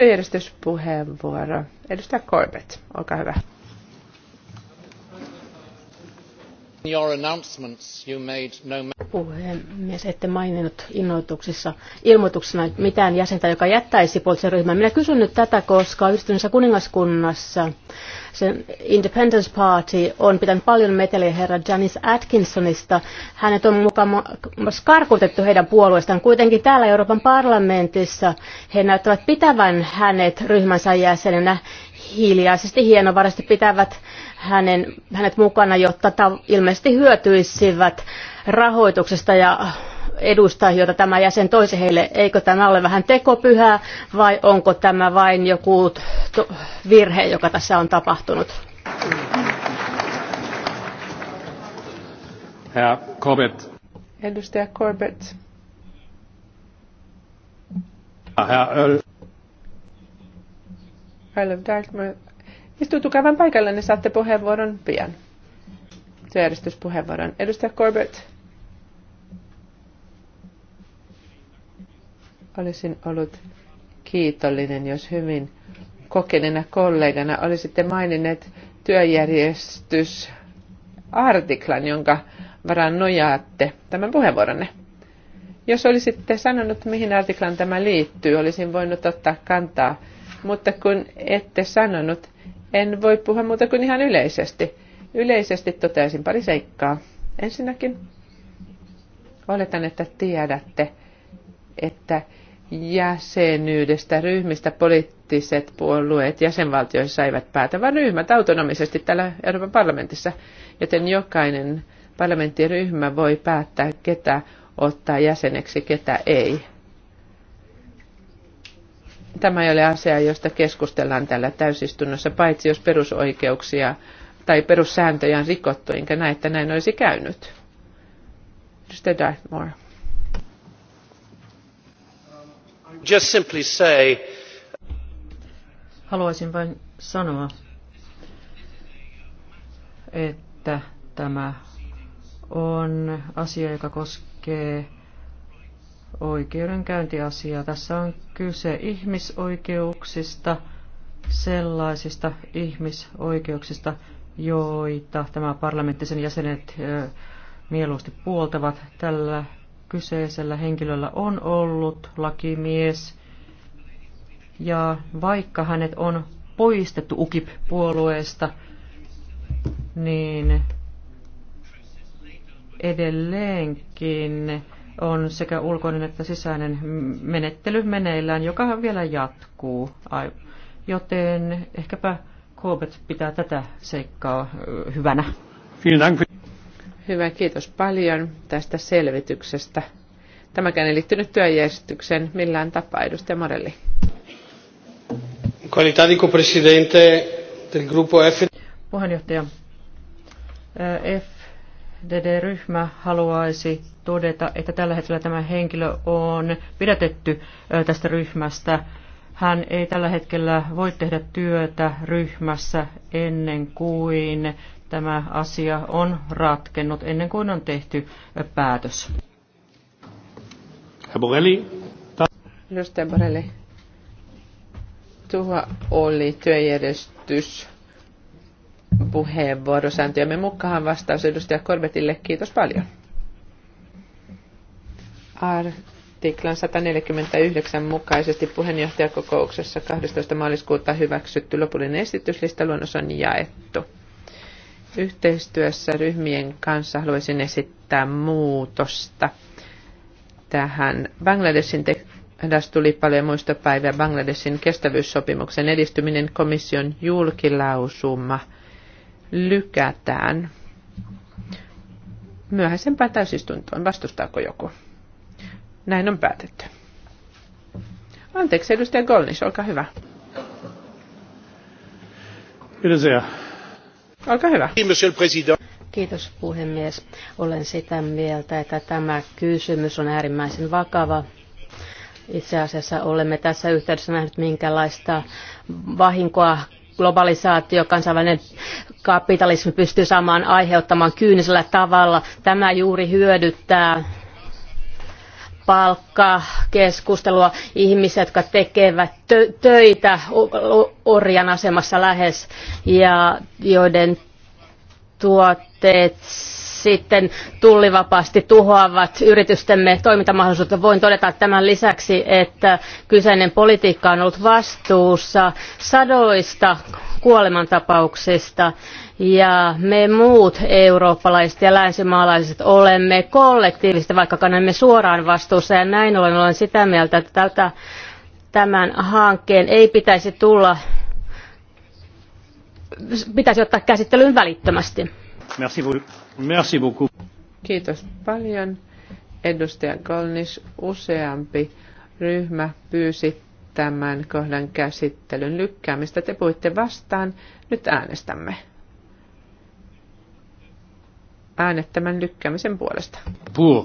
Järjestyspuheenvuoro. Edustaja Corbett, olkaa hyvä. No Puhemies, ette maininnut innoituksissa, ilmoituksena mitään jäsentä, joka jättäisi poliittisen ryhmän. Minä kysyn nyt tätä, koska yhdistyneessä kuningaskunnassa sen Independence Party on pitänyt paljon meteliä herra Janice Atkinsonista. Hänet on mukaan karkotettu heidän puolueestaan. Kuitenkin täällä Euroopan parlamentissa he näyttävät pitävän hänet ryhmänsä jäsenenä hiljaisesti hienovaraisesti pitävät hänen, hänet mukana, jotta ta, ilmeisesti hyötyisivät rahoituksesta ja edusta, jota tämä jäsen toisi heille. Eikö tämä ole vähän tekopyhää vai onko tämä vain joku virhe, joka tässä on tapahtunut? Herr Corbett. Edustaja Corbett. Ah, Herr Öl. Isle of Dartmouth. Istuutukaa vain paikalleen, niin saatte puheenvuoron pian. Työjärjestyspuheenvuoron. Edustaja Corbett. Olisin ollut kiitollinen, jos hyvin kokeneena kollegana olisitte maininneet työjärjestysartiklan, jonka varaan nojaatte tämän puheenvuoronne. Jos olisitte sanonut, mihin artiklan tämä liittyy, olisin voinut ottaa kantaa mutta kun ette sanonut, en voi puhua muuta kuin ihan yleisesti. Yleisesti toteaisin pari seikkaa. Ensinnäkin oletan, että tiedätte, että jäsenyydestä ryhmistä poliittiset puolueet jäsenvaltioissa eivät päätä, vaan ryhmät autonomisesti täällä Euroopan parlamentissa, joten jokainen parlamenttiryhmä voi päättää, ketä ottaa jäseneksi, ketä ei tämä ei ole asia, josta keskustellaan täällä täysistunnossa, paitsi jos perusoikeuksia tai perussääntöjä on rikottu, enkä näe, että näin olisi käynyt. Mr. Dartmoor. Just simply say... Haluaisin vain sanoa, että tämä on asia, joka koskee oikeudenkäyntiasiaa. Tässä on kyse ihmisoikeuksista, sellaisista ihmisoikeuksista, joita tämä parlamenttisen jäsenet mieluusti puoltavat. Tällä kyseisellä henkilöllä on ollut lakimies, ja vaikka hänet on poistettu UKIP-puolueesta, niin edelleenkin on sekä ulkoinen että sisäinen menettely meneillään, joka vielä jatkuu. Joten ehkäpä Kobet pitää tätä seikkaa hyvänä. Hyvä, kiitos paljon tästä selvityksestä. Tämäkään ei liittynyt työjärjestykseen millään tapaa, edustaja Morelli. gruppo F. Puheenjohtaja, F DD-ryhmä haluaisi todeta, että tällä hetkellä tämä henkilö on pidätetty tästä ryhmästä. Hän ei tällä hetkellä voi tehdä työtä ryhmässä ennen kuin tämä asia on ratkennut, ennen kuin on tehty päätös. Herr Borelli. Tuo oli työjärjestys puheenvuorosääntöjämme mukaan vastaus edustaja Korbetille. Kiitos paljon. Artiklan 149 mukaisesti puheenjohtajakokouksessa 12. maaliskuuta hyväksytty lopullinen esityslista luonnos on jaettu. Yhteistyössä ryhmien kanssa haluaisin esittää muutosta tähän. Bangladesin tässä tuli paljon muistopäivää Bangladesin kestävyyssopimuksen edistyminen komission julkilausuma – lykätään myöhäisempään täysistuntoon. Vastustaako joku? Näin on päätetty. Anteeksi, edustaja Golnis, olkaa hyvä. Edustaja. Olkaa hyvä. Kiitos puhemies. Olen sitä mieltä, että tämä kysymys on äärimmäisen vakava. Itse asiassa olemme tässä yhteydessä nähneet, minkälaista vahinkoa globalisaatio, kansainvälinen kapitalismi pystyy saamaan aiheuttamaan kyynisellä tavalla. Tämä juuri hyödyttää palkkakeskustelua, ihmiset, jotka tekevät töitä orjan asemassa lähes ja joiden tuotteet sitten tullivapaasti tuhoavat yritystemme toimintamahdollisuutta. Voin todeta tämän lisäksi, että kyseinen politiikka on ollut vastuussa sadoista kuolemantapauksista ja me muut eurooppalaiset ja länsimaalaiset olemme kollektiivisesti, vaikka kannamme suoraan vastuussa ja näin ollen olen sitä mieltä, että tältä, tämän hankkeen ei pitäisi tulla pitäisi ottaa käsittelyyn välittömästi. Merci, Merci beaucoup. Kiitos paljon. Edustaja Kolnis, useampi ryhmä pyysi tämän kohdan käsittelyn lykkäämistä. Te puhuitte vastaan. Nyt äänestämme. Äänet tämän lykkäämisen puolesta. Pour.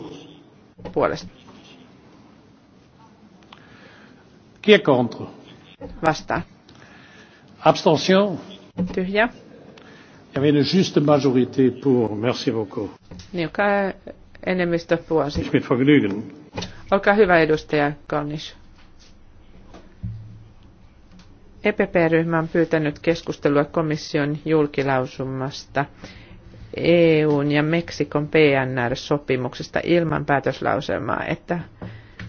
Puolesta. Qui est contre? Vastaan. Abstention. Tyhjä. Il y avait une juste majorité pour. Merci beaucoup. Niukka niin, enemmistö puolsi. Mit Vergnügen. Olkaa hyvä edustaja Kalnis. EPP-ryhmä on pyytänyt keskustelua komission julkilausumasta EUn ja Meksikon PNR-sopimuksesta ilman päätöslauselmaa, että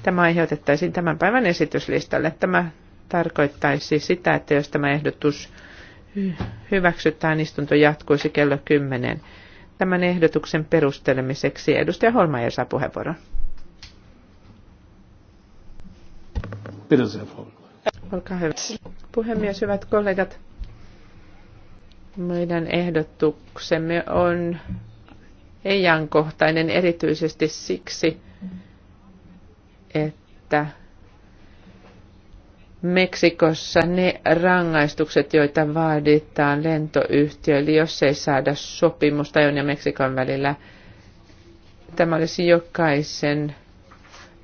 tämä aiheutettaisiin tämän päivän esityslistalle. Tämä tarkoittaisi sitä, että jos tämä ehdotus hyväksytään, istunto jatkuisi kello 10. Tämän ehdotuksen perustelemiseksi edustaja Holmaja saa puheenvuoron. Olkaa hyvä. Puhemies, hyvät kollegat. Meidän ehdotuksemme on ei-ajankohtainen erityisesti siksi, että Meksikossa ne rangaistukset, joita vaaditaan lentoyhtiöille, jos ei saada sopimusta ajon ja Meksikon välillä. Tämä olisi jokaisen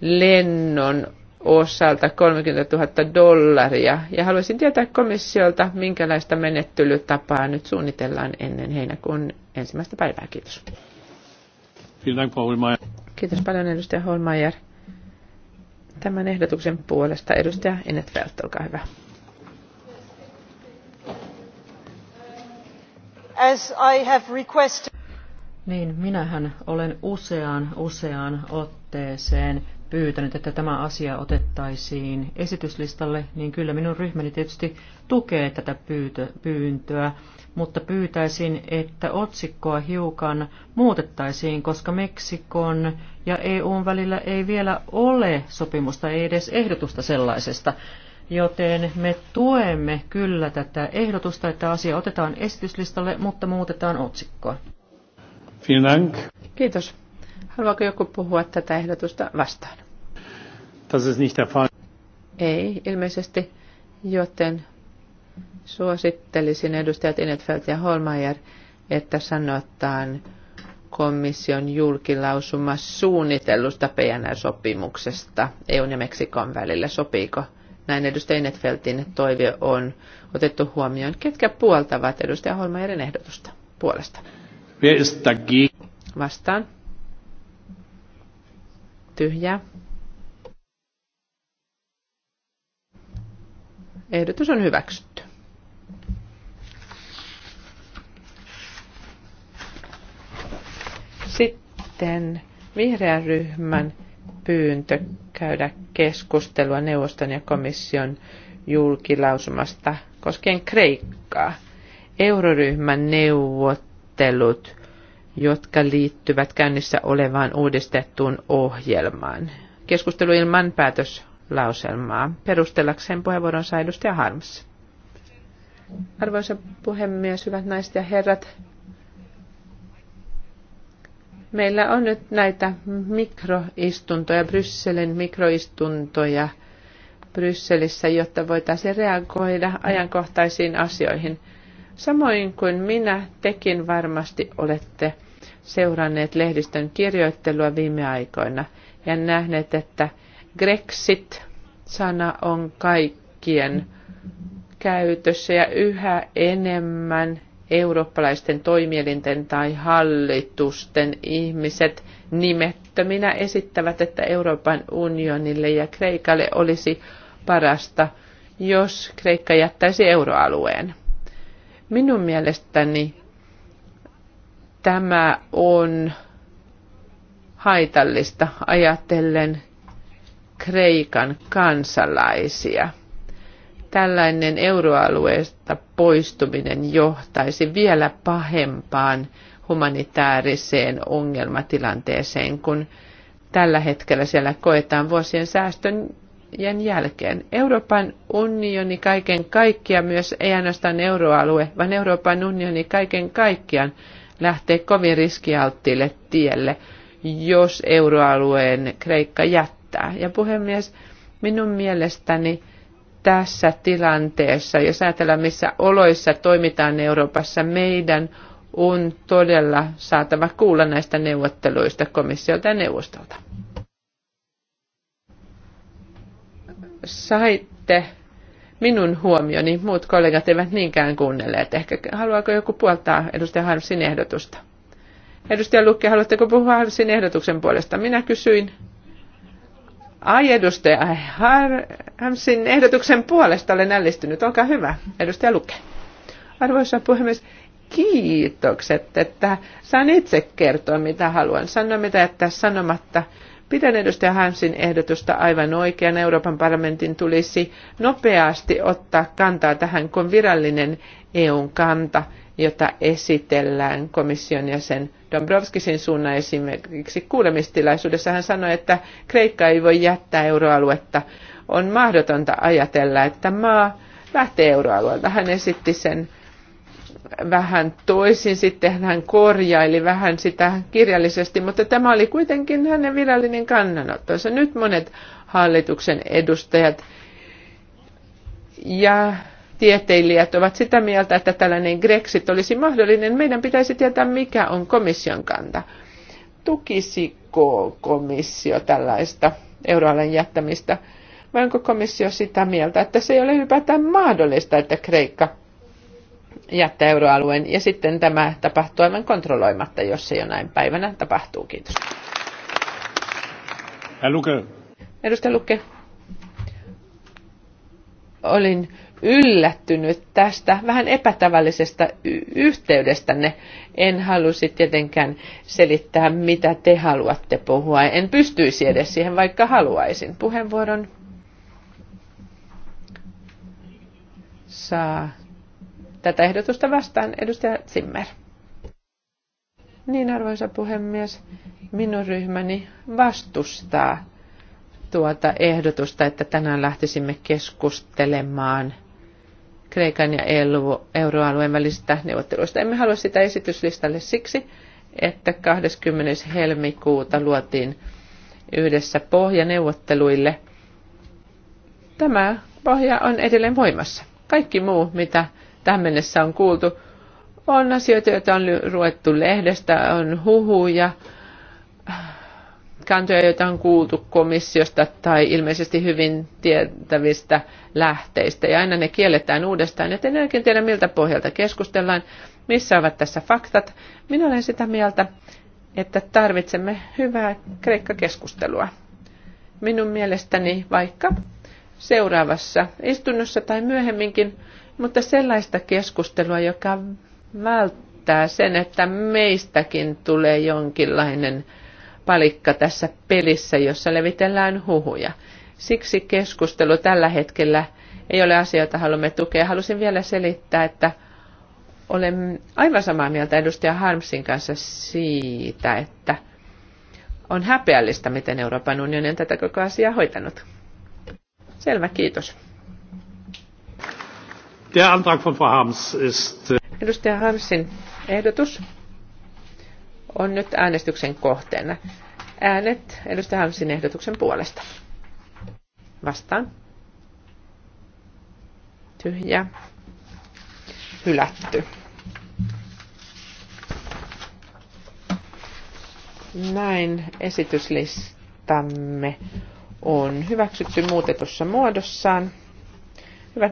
lennon osalta 30 000 dollaria. Ja haluaisin tietää komissiolta, minkälaista menettelytapaa nyt suunnitellaan ennen heinäkuun ensimmäistä päivää. Kiitos. Kiitos paljon edustaja Holmeier tämän ehdotuksen puolesta. Edustaja Enetfeldt, olkaa hyvä. As I have requested... Niin, minähän olen useaan useaan otteeseen pyytänyt, että tämä asia otettaisiin esityslistalle, niin kyllä minun ryhmäni tietysti tukee tätä pyytö, pyyntöä, mutta pyytäisin, että otsikkoa hiukan muutettaisiin, koska Meksikon ja EUn välillä ei vielä ole sopimusta, ei edes ehdotusta sellaisesta. Joten me tuemme kyllä tätä ehdotusta, että asia otetaan esityslistalle, mutta muutetaan otsikkoa. Vielen Kiitos. Haluaako joku puhua tätä ehdotusta vastaan? Das ist nicht der Fall. Ei, ilmeisesti, joten suosittelisin edustajat Inetfeld ja Holmeier, että sanotaan komission julkilausuma suunnitellusta PNR-sopimuksesta EUn ja Meksikon välillä. Sopiiko? Näin edustaja Inetfeltin toive on otettu huomioon. Ketkä puoltavat edustaja Holmeierin ehdotusta puolesta? Vastaan tyhjää. Ehdotus on hyväksytty. Sitten vihreän ryhmän pyyntö käydä keskustelua neuvoston ja komission julkilausumasta koskien Kreikkaa. Euroryhmän neuvottelut jotka liittyvät käynnissä olevaan uudistettuun ohjelmaan. Keskustelu ilman päätöslauselmaa. Perustellakseen puheenvuoron saa edustaja Harms. Arvoisa puhemies, hyvät naiset ja herrat. Meillä on nyt näitä mikroistuntoja, Brysselin mikroistuntoja Brysselissä, jotta voitaisiin reagoida ajankohtaisiin asioihin. Samoin kuin minä, tekin varmasti olette – seuranneet lehdistön kirjoittelua viime aikoina ja nähneet, että Grexit-sana on kaikkien käytössä ja yhä enemmän eurooppalaisten toimielinten tai hallitusten ihmiset nimettöminä esittävät, että Euroopan unionille ja Kreikalle olisi parasta, jos Kreikka jättäisi euroalueen. Minun mielestäni tämä on haitallista ajatellen Kreikan kansalaisia. Tällainen euroalueesta poistuminen johtaisi vielä pahempaan humanitaariseen ongelmatilanteeseen, kun tällä hetkellä siellä koetaan vuosien säästöjen jälkeen. Euroopan unioni kaiken kaikkiaan, myös ei ainoastaan euroalue, vaan Euroopan unioni kaiken kaikkiaan lähteä kovin riskialttiille tielle, jos euroalueen Kreikka jättää. Ja puhemies, minun mielestäni tässä tilanteessa, jos ajatellaan missä oloissa toimitaan Euroopassa, meidän on todella saatava kuulla näistä neuvotteluista komissiolta ja neuvostolta. Saitte minun huomioni. Muut kollegat eivät niinkään kuunnelleet. Ehkä haluaako joku puoltaa edustaja Harmsin ehdotusta? Edustaja Lukki, haluatteko puhua Harmsin ehdotuksen puolesta? Minä kysyin. Ai edustaja Harmsin ehdotuksen puolesta olen ällistynyt. Olkaa hyvä, edustaja Lukke. Arvoisa puhemies, kiitokset, että saan itse kertoa mitä haluan. sanoa, mitä jättää sanomatta. Pidän edustaja Hansin ehdotusta aivan oikean. Euroopan parlamentin tulisi nopeasti ottaa kantaa tähän, kun virallinen EUn kanta, jota esitellään komission jäsen Dombrovskisin suunnan esimerkiksi kuulemistilaisuudessa. Hän sanoi, että Kreikka ei voi jättää euroaluetta. On mahdotonta ajatella, että maa lähtee euroalueelta. Hän esitti sen vähän toisin, sitten hän korjaili vähän sitä kirjallisesti, mutta tämä oli kuitenkin hänen virallinen kannanottonsa. Nyt monet hallituksen edustajat ja tieteilijät ovat sitä mieltä, että tällainen Grexit olisi mahdollinen. Meidän pitäisi tietää, mikä on komission kanta. Tukisiko komissio tällaista Euroalan jättämistä? Vai onko komissio sitä mieltä, että se ei ole ylipäätään mahdollista, että Kreikka jättää euroalueen ja sitten tämä tapahtuu aivan kontrolloimatta, jos se näin päivänä tapahtuu. Kiitos. Luke. Edustaja Lukke. Olin yllättynyt tästä vähän epätavallisesta yhteydestänne. En halusi tietenkään selittää, mitä te haluatte puhua. En pystyisi edes siihen, vaikka haluaisin. Puheenvuoron saa tätä ehdotusta vastaan. Edustaja Zimmer. Niin, arvoisa puhemies, minun ryhmäni vastustaa tuota ehdotusta, että tänään lähtisimme keskustelemaan Kreikan ja e euroalueen välisistä neuvotteluista. Emme halua sitä esityslistalle siksi, että 20. helmikuuta luotiin yhdessä pohja neuvotteluille. Tämä pohja on edelleen voimassa. Kaikki muu, mitä tähän mennessä on kuultu, on asioita, joita on ruvettu lehdestä, on huhuja, kantoja, joita on kuultu komissiosta tai ilmeisesti hyvin tietävistä lähteistä. Ja aina ne kielletään uudestaan, joten en oikein tiedä miltä pohjalta keskustellaan, missä ovat tässä faktat. Minä olen sitä mieltä, että tarvitsemme hyvää kreikkakeskustelua. keskustelua Minun mielestäni vaikka seuraavassa istunnossa tai myöhemminkin mutta sellaista keskustelua, joka välttää sen, että meistäkin tulee jonkinlainen palikka tässä pelissä, jossa levitellään huhuja. Siksi keskustelu tällä hetkellä ei ole asia, jota haluamme tukea. Halusin vielä selittää, että olen aivan samaa mieltä edustaja Harmsin kanssa siitä, että on häpeällistä, miten Euroopan unioni on tätä koko asiaa hoitanut. Selvä, kiitos. Der Antrag von Frau Harms ist... Äh, edustaja Harmsin ehdotus on nyt äänestyksen kohteena. Äänet edustaja Harmsin ehdotuksen puolesta. Vastaan. Tyhjä. Hylätty. Näin esityslistamme on hyväksytty muutetussa muodossaan.